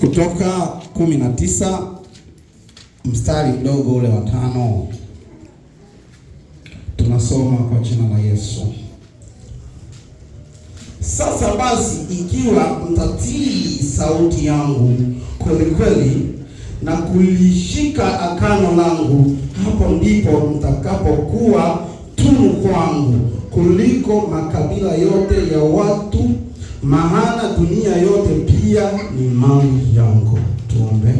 Kutoka 19 mstari mdogo ule wa tano tunasoma kwa jina la Yesu. Sasa basi, ikiwa mtatii sauti yangu kweli kweli na kulishika agano langu, hapo ndipo mtakapokuwa tunu kwangu kuliko makabila yote ya watu maana dunia yote pia ni mali yangu. Tuombe.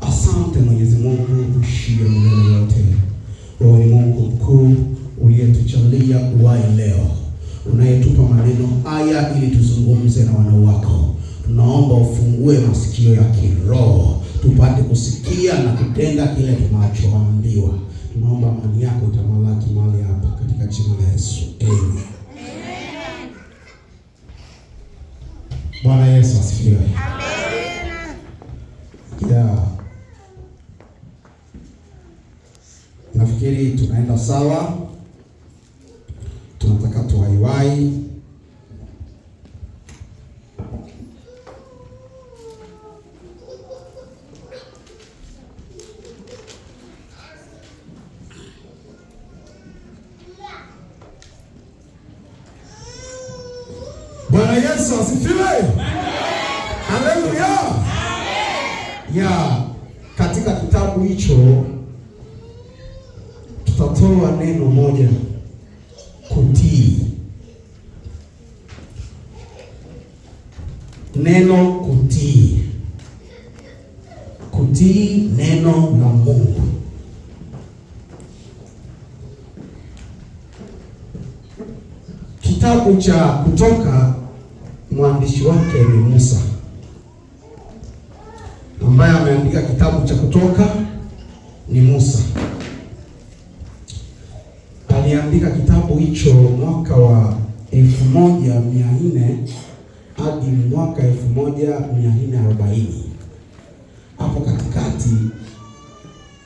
Asante Mwenyezi Mungu ushie milele yote, wewe ni Mungu mkuu uliyetuchalia uwai leo, unayetupa maneno haya ili tuzungumze na wana wako. Tunaomba ufungue masikio ya kiroho tupate kusikia na kutenda kile tunachoambiwa. Tunaomba mali yako itamalaki mali sawah kutii neno la Mungu. Kitabu cha Kutoka, mwandishi wake ni Musa ambaye ameandika kitabu cha Kutoka ni Musa. Aliandika kitabu hicho mwaka wa elfu moja mia nne hadi mwaka elfu moja mia nne arobaini hapo katikati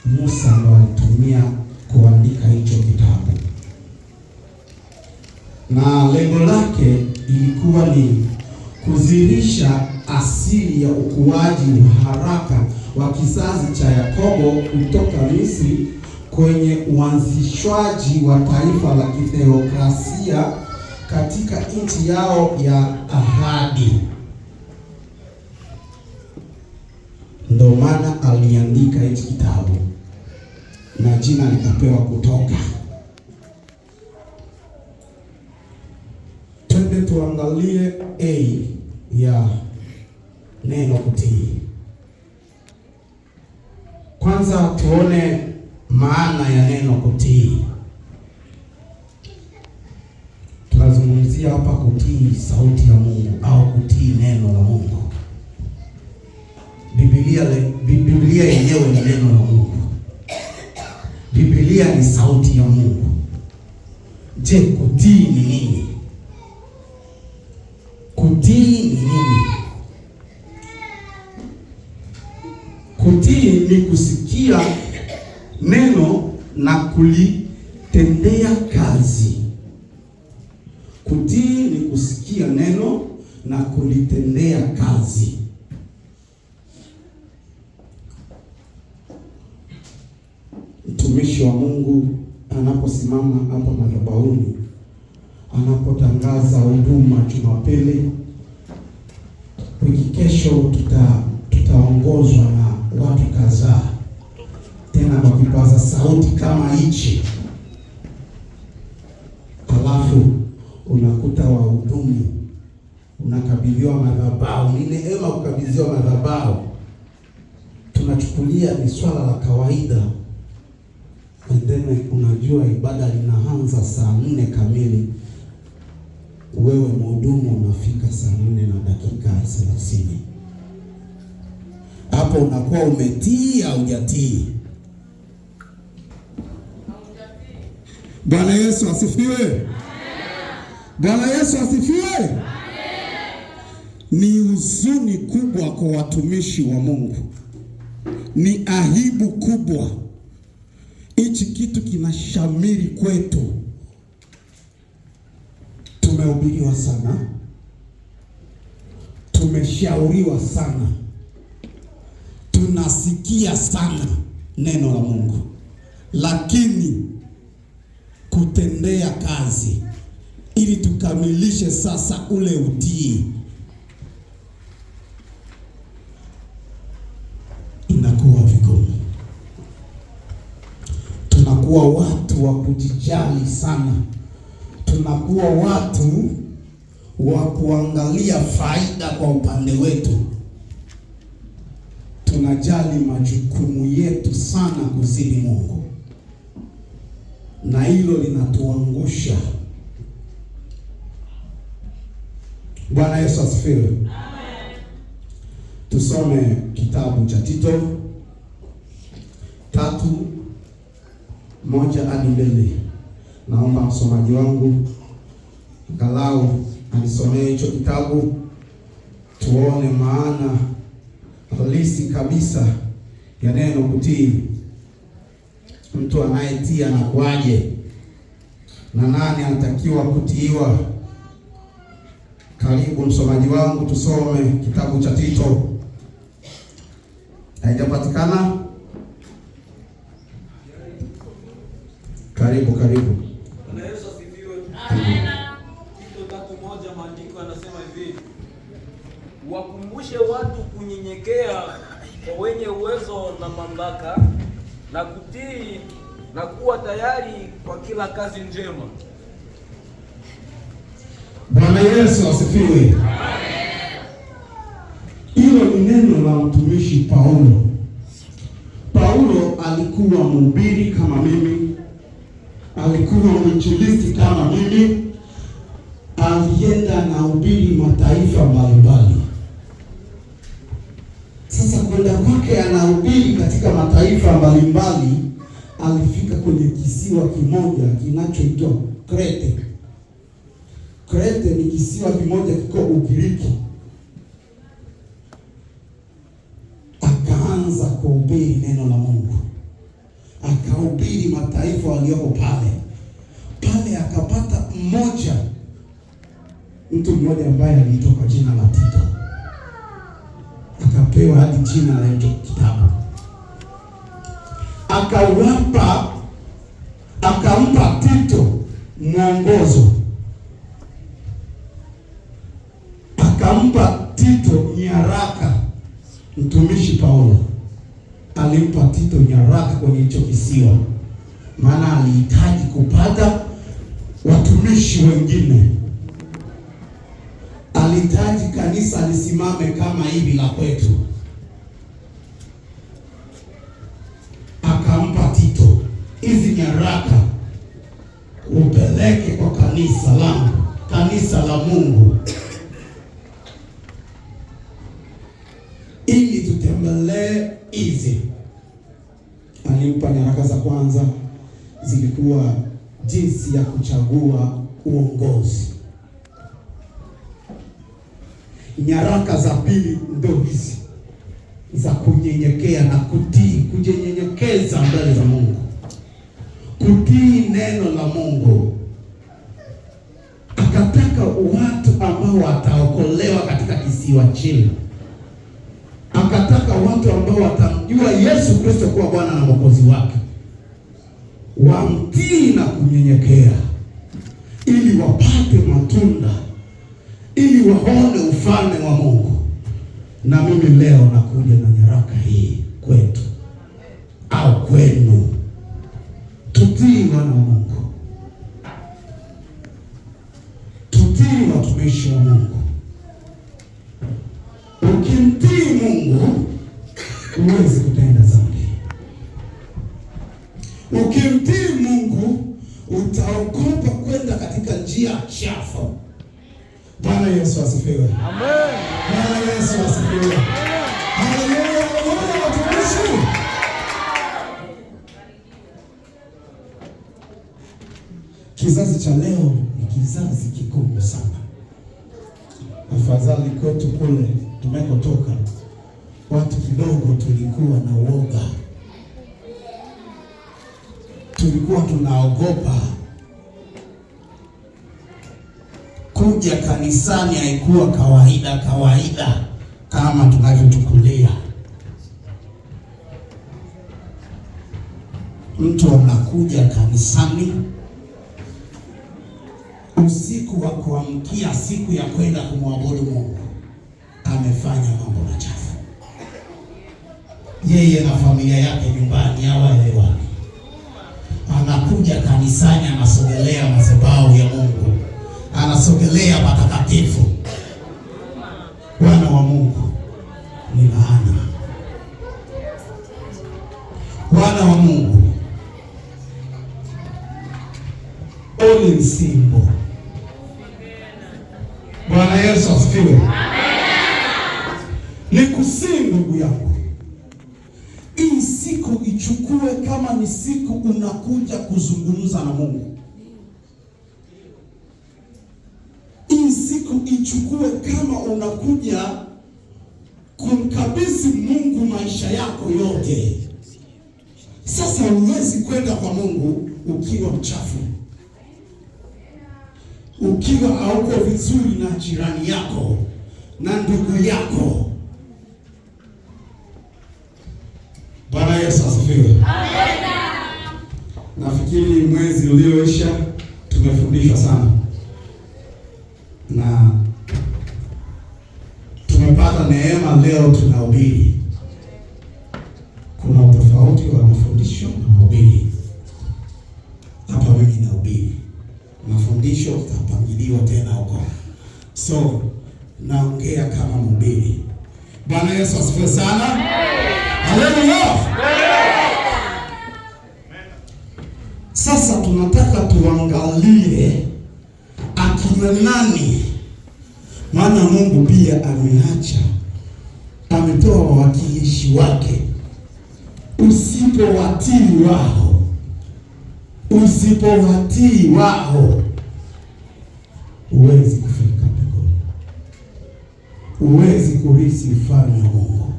Musa ndo alitumia kuandika hicho kitabu, na lengo lake ilikuwa ni kuzirisha asili ya ukuaji wa haraka wa kizazi cha Yakobo kutoka Misri kwenye uanzishwaji wa taifa la kitheokrasia katika nchi yao ya ahadi. ndo maana aliandika hiki kitabu na jina likapewa Kutoka. Twende tuangalie A ya neno kutii. Kwanza tuone maana ya neno kutii. Tunazungumzia hapa kutii sauti ya Mungu au kutii neno la Mungu. Biblia, Biblia yenyewe ni neno la Mungu. Biblia ni sauti ya Mungu. Je, kutii ni nini? Kutii ni nini? Kutii ni kusikia neno na kulitendea kazi. Kutii ni kusikia neno na kulitendea kazi. ibada linaanza saa nne kamili, wewe mhudumu unafika saa nne na dakika thelathini. Hapo unakuwa umetii au hujatii? Bwana Yesu asifiwe! Bwana Yesu asifiwe! Ni huzuni kubwa kwa watumishi wa Mungu, ni aibu kubwa hichi kitu kinashamiri kwetu. Tumehubiriwa sana, tumeshauriwa sana, tunasikia sana neno la Mungu, lakini kutendea kazi ili tukamilishe sasa ule utii tunakuwa watu wa kujijali sana, tunakuwa watu wa kuangalia faida kwa upande wetu, tunajali majukumu yetu sana kuzidi Mungu, na hilo linatuangusha. Bwana Yesu asifiwe. Tusome kitabu cha Tito tatu moja hadi mbele. Naomba msomaji wangu galau anisomee hicho kitabu, tuone maana halisi kabisa ya neno kutii. Mtu anayetii anakuwaje na nani anatakiwa kutiiwa? Karibu msomaji wangu, tusome kitabu cha Tito. Haijapatikana? Karibu, karibu. Bwana Yesu asifiwe. Amina. Tito tatu moja maandiko anasema hivi, wakumbushe watu kunyenyekea kwa wenye uwezo na mamlaka na kutii na kuwa tayari kwa kila kazi njema. Bwana Yesu asifiwe. Hilo ni neno la mtumishi Paulo. Paulo alikuwa mhubiri kama mimi alikuwa mwinjilisti kama mimi, alienda na ubili mataifa mbalimbali. Sasa kwenda kwake anahubiri katika mataifa mbalimbali, alifika kwenye kisiwa kimoja kinachoitwa Krete. Krete ni kisiwa kimoja kiko Ugiriki. Akaanza kuhubiri neno la Mungu akahubiri mataifa walioko pale pale, akapata mmoja, mtu mmoja ambaye aliitwa kwa jina la Tito, akapewa hadi jina la hicho kitabu, akawapa akampa Tito mwongozo, akampa Tito nyaraka mtumishi Paulo alimpa Tito nyaraka kwenye hicho kisiwa, maana alihitaji kupata watumishi wengine, alihitaji kanisa lisimame kama hivi la kwetu. kujua jinsi ya kuchagua uongozi. Nyaraka za pili ndio hizi za kunyenyekea na kutii, kujinyenyekeza mbele za Mungu, kutii neno la Mungu. Akataka watu ambao wataokolewa katika kisiwa chini, akataka watu ambao watamjua Yesu Kristo kuwa Bwana na Mwokozi wake wamtii na kunyenyekea, ili wapate matunda, ili waone ufalme wa Mungu. Na mimi leo nakuja na nyaraka hii kwetu au kwenu, tutii wana wa Mungu, tutii watumishi wa Mungu. njia chafu. Bwana Yesu asifiwe. Amen. Bwana Yesu asifiwe. Haleluya, watumishi. Kizazi cha leo ni kizazi kikubwa sana. Afadhali kwetu kule tumekotoka, watu kidogo tulikuwa na uoga, tulikuwa tunaogopa kuja kanisani haikuwa kawaida kawaida kama tunavyochukulia. Mtu anakuja kanisani usiku wa kuamkia siku ya kwenda kumwabudu Mungu, amefanya mambo machafu yeye na familia yake nyumbani, hawaelewani. Anakuja kanisani, anasogelea madhabahu ya Mungu anasogelea patakatifu. Wana wa Mungu ni laana. Wana wa Mungu oni msimbo. Bwana Yesu asifiwe. Ni kusii ndugu yako, hii siku ichukue kama ni siku unakuja kuzungumza na Mungu. unakuja kumkabidhi Mungu maisha yako yote. Sasa huwezi kwenda kwa Mungu ukiwa mchafu, ukiwa hauko vizuri na jirani yako na ndugu yako. Bwana Yesu asifiwe. Amen. Nafikiri mwezi ulioisha tumefundishwa sana na neema leo tunahubiri, kuna utofauti wa mafundisho na mahubiri. Hapa mimi nahubiri mafundisho, utapangiliwa tena huko, so naongea kama mhubiri. Bwana Yesu asifiwe sana, haleluya. Sasa tunataka tuangalie akina nani, maana Mungu pia ameacha anatoa wawakilishi wake. Usipowatii wao, usipowatii wao, huwezi kufika mbinguni, huwezi kurithi ufalme wa Mungu.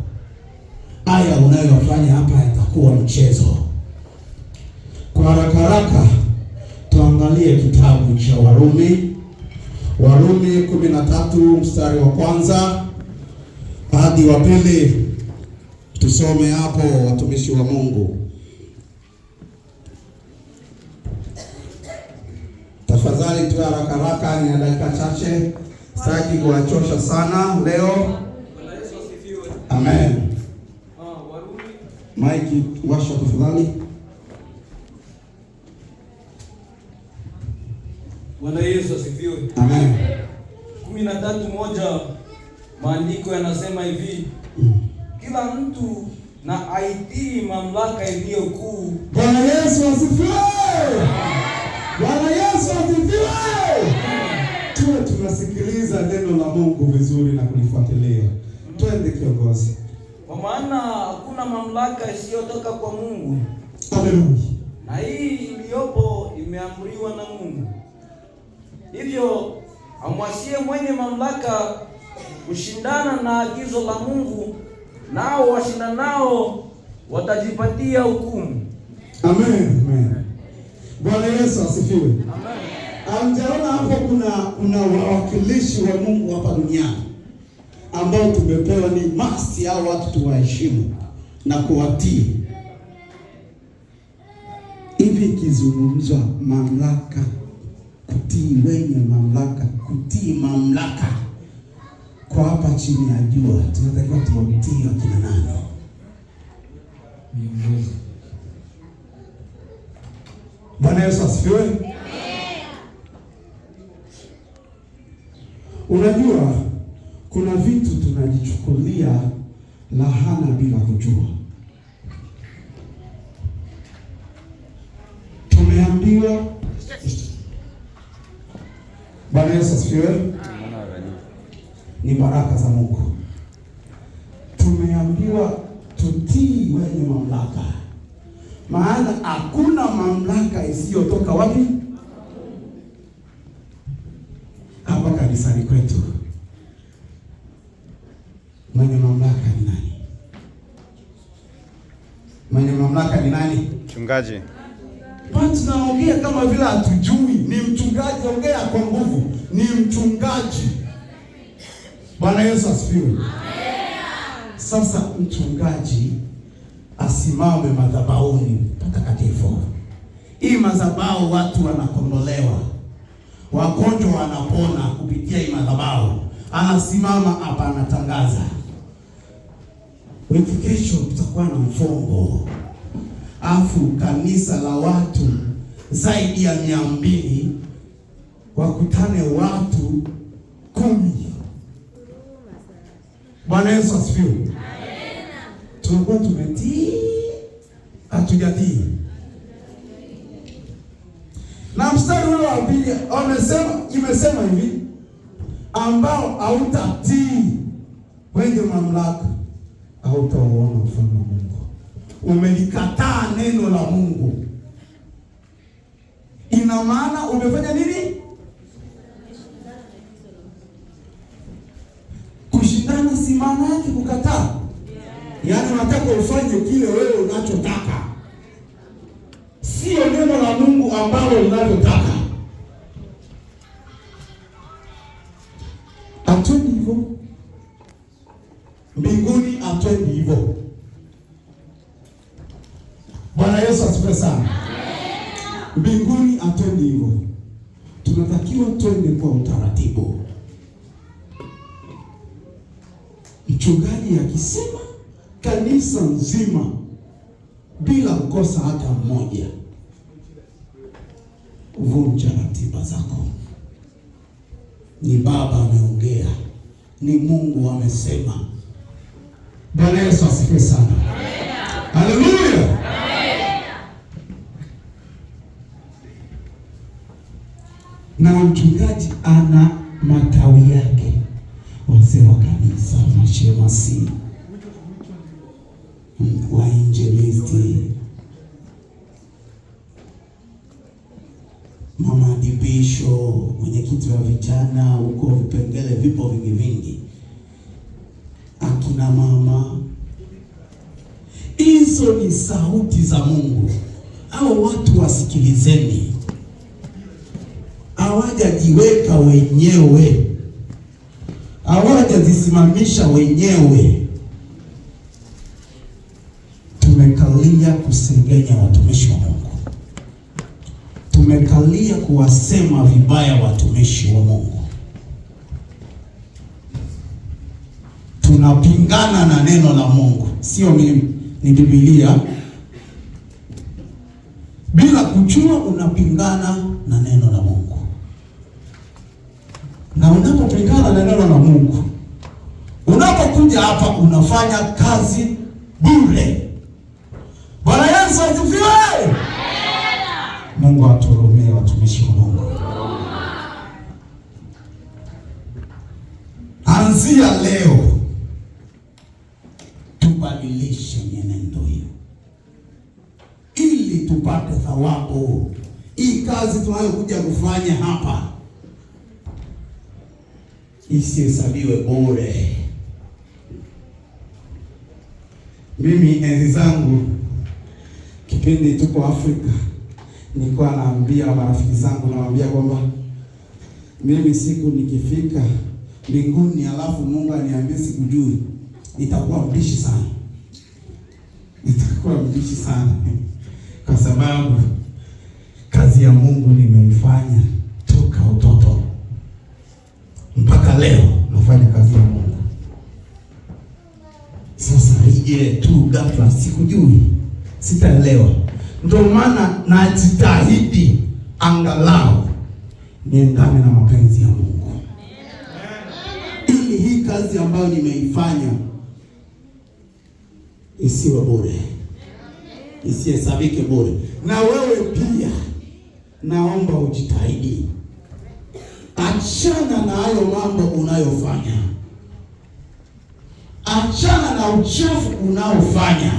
Haya unayofanya hapa yatakuwa mchezo. Kwa haraka haraka, tuangalie kitabu cha Warumi, Warumi 13 mstari wa kwanza Padri wa pili, tusome hapo, watumishi wa Mungu. Tafadhali tu haraka haraka, ni dakika chache, sitaki kuwachosha sana leo. Amen. Maiki washa tafadhali. Bwana Yesu asifiwe. Amen. kumi na tatu moja Maandiko yanasema hivi, kila mtu na aitii mamlaka iliyo kuu. Bwana Yesu asifiwe! Bwana Yesu asifiwe! Tuwe tunasikiliza neno la Mungu vizuri na kulifuatilia. Twende kiongozi, kwa maana hakuna mamlaka isiyotoka kwa Mungu. Haleluya! na hii iliyopo imeamriwa na Mungu, hivyo amwachie mwenye mamlaka kushindana na agizo la Mungu, nao washindanao watajipatia hukumu. Amen, amen. Bwana Yesu asifiwe. Amen. Amjaona hapo kuna kuna wawakilishi wa Mungu hapa duniani ambao tumepewa ni masi au watu tuwaheshimu na kuwatii. Hivi ikizungumzwa mamlaka, kutii wenye mamlaka, kutii mamlaka kwa hapa chini ya jua tunatakiwa tuwatii wakina nani? Bwana Yesu asifiwe. Unajua, kuna vitu tunajichukulia lahana bila kujua. Tumeambiwa. Bwana Yesu asifiwe. Amen ni baraka za Mungu. Tumeambiwa tutii wenye mamlaka, maana hakuna mamlaka isiyotoka wapi? Hapa kanisani kwetu mwenye mamlaka ni nani? Mwenye mamlaka ni nani? Mchungaji. Tunaongea kama vile hatujui, ni mchungaji. Ongea kwa nguvu, ni mchungaji Bwana Yesu asifiwe. Amen. Sasa mchungaji asimame madhabahuni patakatifu. Hii madhabahu watu wanakondolewa, wagonjwa wanapona kupitia hii madhabahu. Anasimama hapa anatangaza, wiki kesho kutakuwa na mfongo, afu kanisa la watu zaidi ya mia mbili wakutane watu kumi Bwana Yesu asifiwe. Amina. Tunakuwa tumetii hatujatii. Na mstari ule wa pili amesema, imesema hivi ambao hautatii wenye mamlaka hautauona ufalme wa Mungu. Umelikataa neno la Mungu, ina maana umefanya nini? Shetani si maana yake kukataa, yaani unataka ufanye kile wewe unachotaka, sio neno la Mungu ambalo unalotaka. Atwendi hivyo mbinguni, atwendi hivyo. Bwana Yesu asifiwe sana. Mbinguni atwendi hivyo, tunatakiwa twende kwa utaratibu Mchungaji akisema kanisa nzima bila kukosa hata mmoja vunja ratiba zako. Ni baba ameongea, ni Mungu amesema. Bwana Yesu asifiwe sana, haleluya. Na mchungaji ana matawi yake wazee wa kanisa, mashemasi, wainjilisti, mama adibisho, mwenyekiti wa vijana huko, vipengele vipo vingi vingi, akina mama. Hizo ni sauti za Mungu. Hao watu wasikilizeni, hawajajiweka wenyewe hawajazisimamisha wenyewe. Tumekalia kusengenya watumishi wa Mungu, tumekalia kuwasema vibaya watumishi wa Mungu, tunapingana na neno la Mungu, sio mimi, ni Biblia. Bila kujua unapingana na neno la Mungu na unapopingana na neno la Mungu, unapokuja hapa unafanya kazi bure. Bwana Yesu asifiwe. Mungu atuhurumie watumishi wa Mungu. Anzia leo tubadilishe mienendo hiyo, ili tupate thawabu. Hii kazi tunayokuja kufanya hapa isihesabiwe bure. Mimi enzi zangu kipindi tuko Afrika, nilikuwa naambia marafiki zangu, nawaambia kwamba mimi siku nikifika mbinguni, alafu Mungu aniambie sikujui, nitakuwa mbishi sana, nitakuwa mbishi sana kwa sababu kazi ya Mungu nimeifanya mpaka leo nafanya kazi ya Mungu. Sasa ije tu ghafla, sikujui, sitaelewa. Ndio maana najitahidi angalau niendane na mapenzi ya Mungu ili hii kazi ambayo nimeifanya isiwe bure, isihesabike bure. Na wewe pia naomba ujitahidi achana na hayo mambo unayofanya, achana na uchafu unaofanya.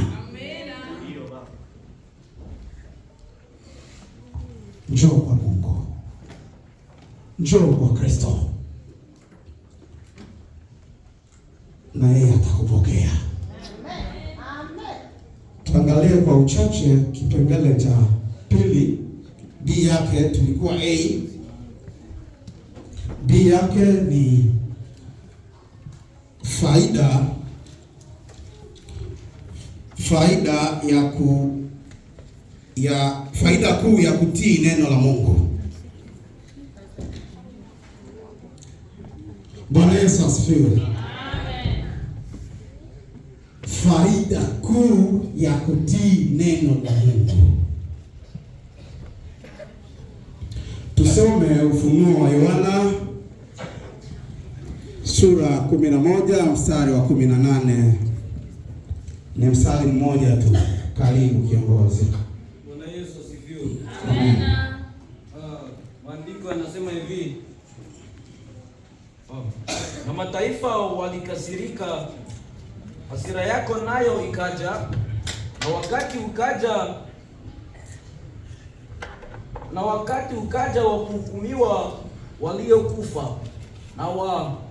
Njoo kwa Mungu, njoo kwa Kristo na yeye atakupokea. Tuangalie kwa uchache kipengele cha pili, B yake tulikuwa A Bii yake ni faida faida ya ku ya faida kuu ya kutii neno la Mungu. Bwana Yesu asifiwe. Faida kuu ya kutii neno la Mungu. Tusome Ufunuo wa Yohana sura ya 11 mstari wa 18. Ni mstari mmoja tu. Karibu kiongozi. Bwana Yesu asifiwe. Amen. Uh, maandiko yanasema hivi oh, na mataifa walikasirika, hasira yako nayo ikaja, na wakati ukaja, na wakati ukaja wa kuhukumiwa waliokufa na wa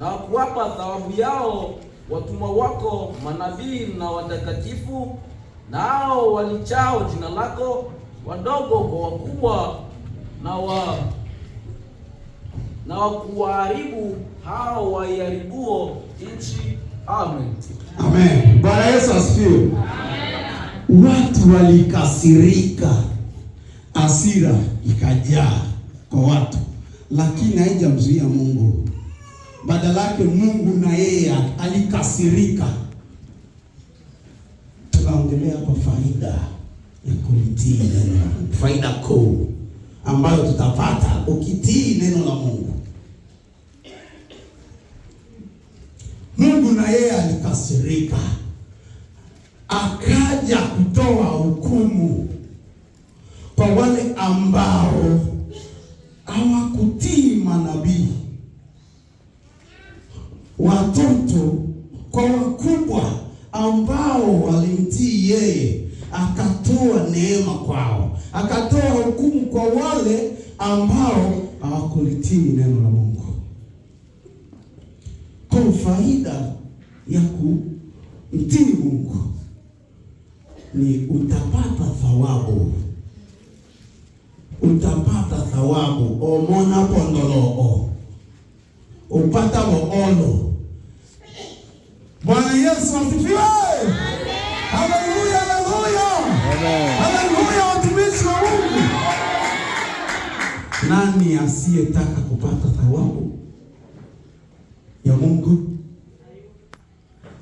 na kuwapa thawabu yao watumwa wako manabii na watakatifu, nao walichao jina lako, wadogo kwa wakubwa, na wa na wakuwaharibu hao waiharibuo nchi. Amen, amen. Bwana Yesu asifiwe. Watu walikasirika, hasira ikajaa kwa watu, lakini haijamzuia Mungu badala yake Mungu na yeye alikasirika. Tunaongelea kwa faida ya kulitii neno la Mungu, faida kuu ambayo tutapata ukitii neno la Mungu. Mungu na yeye alikasirika, akaja kutoa hukumu kwa wale ambao hawakutii manabii watoto kwa wakubwa ambao walimtii yeye, akatoa neema kwao, akatoa hukumu kwa wale ambao hawakulitii neno la Mungu kwa faida ya kumtii Mungu ni utapata thawabu, utapata thawabu omona pondoloo upata boolo Bwana Yesu asifiwe. Haleluya, haleluya, haleluya, watumishi wa Mungu. Nani asiyetaka kupata thawabu ya Mungu?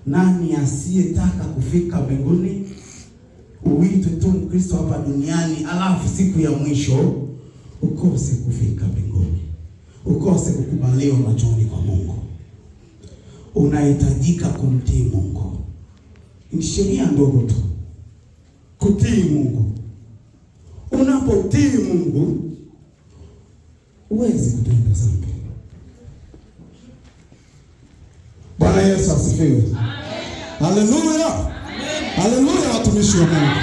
Nani asiyetaka kufika mbinguni? Uitwe tu Mkristo hapa duniani, alafu siku ya mwisho ukose kufika mbinguni, ukose kukubaliwa machoni kwa Mungu unahitajika kumtii Mungu. Ni sheria ndogo tu, kutii Mungu. Unapotii Mungu huwezi kutenda dhambi. Bwana Yesu asifiwe, haleluya, haleluya. Watumishi wa Mungu,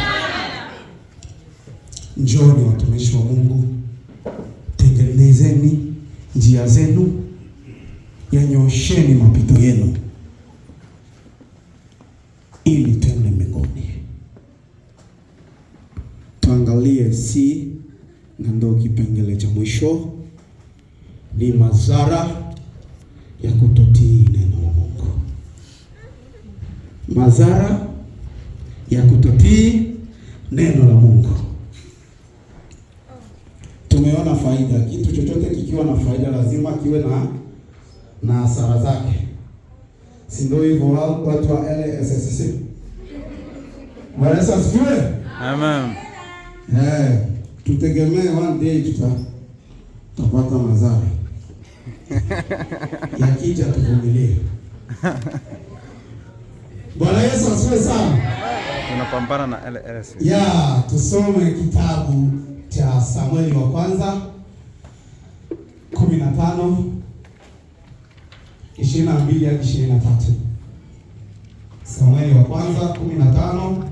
njoni watumishi wa Mungu, tengenezeni njia zenu yanyosheni mapito yenu ili tuende mbinguni. Tuangalie si na ndo kipengele cha mwisho ni madhara ya kutotii neno la Mungu. Madhara ya kutotii neno la Mungu. Tumeona faida, kitu chochote kikiwa na faida lazima kiwe na na hasara zake, si ndio hivyo watu wa LSSC? Bwana Yesu asifiwe. Amen. Eh, tutegemee one day tuta tutapata mazao yakija, tuvumilie. Bwana Yesu asifiwe sana. Tunapambana na LSSC. Ya, tusome kitabu cha Samueli wa kwanza 15 ishirini na mbili hadi ishirini na tatu Samueli wa kwanza kumi na tano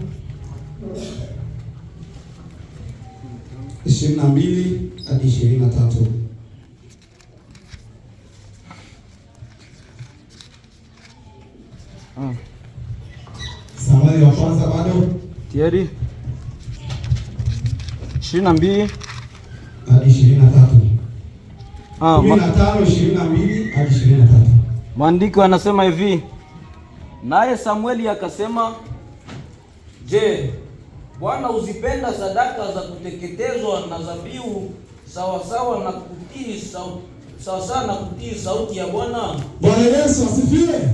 ishirini na mbili hadi ishirini na tatu Samueli wa kwanza bado ishirini na mbili hadi ishirini na tatu ah, kumi na tano ishirini na mbili hadi ishirini na tatu Maandiko yanasema hivi, naye Samueli akasema, je, Bwana huzipenda sadaka za kuteketezwa na dhabihu sawasawa na kutii sauti sawa na kutii sauti ya Bwana? Bwana Yesu asifiwe.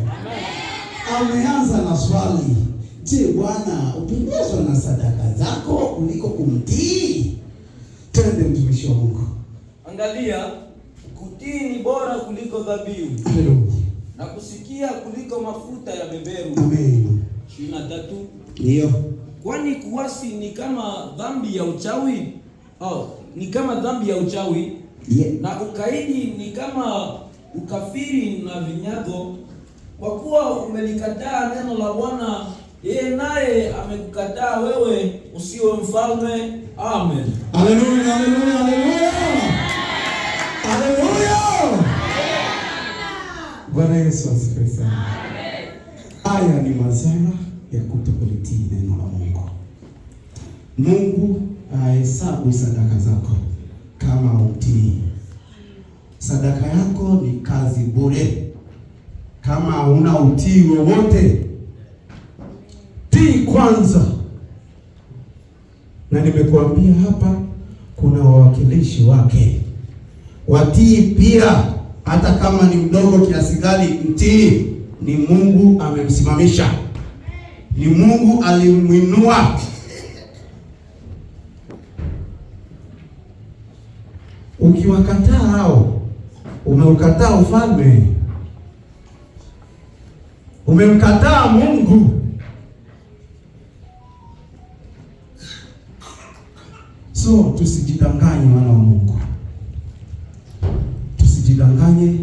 Ameanza na swali, je, Bwana hupendezwa na sadaka zako kuliko kumtii? Twende mtumishi wa Mungu, angalia, kutii ni bora kuliko dhabihu na kusikia kuliko mafuta ya beberu. Amen. ishirini na tatu. Ndio. Kwani kuasi ni kama dhambi ya uchawi? Oh, ni kama dhambi ya uchawi yeah. Na ukaidi ni kama ukafiri na vinyago, kwa kuwa umelikataa neno la Bwana, yeye naye amekukataa wewe usiwe mfalme. Amen. Haleluya, haleluya, haleluya. Haleluya. Bwana Yesu asifiwe sana. Haya ni madhara ya kutokulitii neno la Mungu. Mungu ahesabu sadaka zako kama utii. Sadaka yako ni kazi bure kama hauna utii wowote. Tii kwanza, na nimekuambia hapa kuna wawakilishi wake, watii pia hata kama ni mdogo kiasi gani, mtii. Ni Mungu amemsimamisha, ni Mungu alimwinua. Ukiwakataa hao, umeukataa ufalme, umemkataa Mungu. So tusijidanganye, wana wa Mungu usijidanganye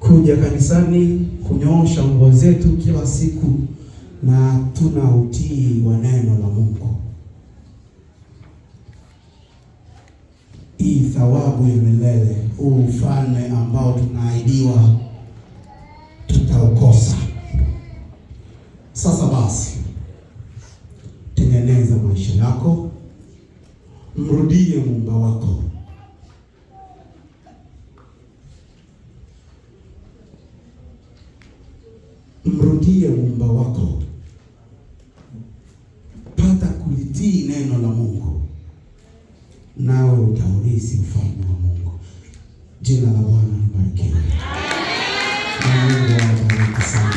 kuja kanisani kunyoosha nguo zetu kila siku, na tuna utii wa neno la Mungu. Hii thawabu ya milele, huu ufalme ambao tunaahidiwa, tutaukosa. Sasa basi, tengeneza maisha yako, mrudie muumba wako Mrudie muumba wako, pata kulitii neno la Mungu, nawe utaurithi ufalme wa Mungu. Jina la Bwana libarikiwe. Mungu awabariki sana.